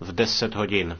v 10 hodin.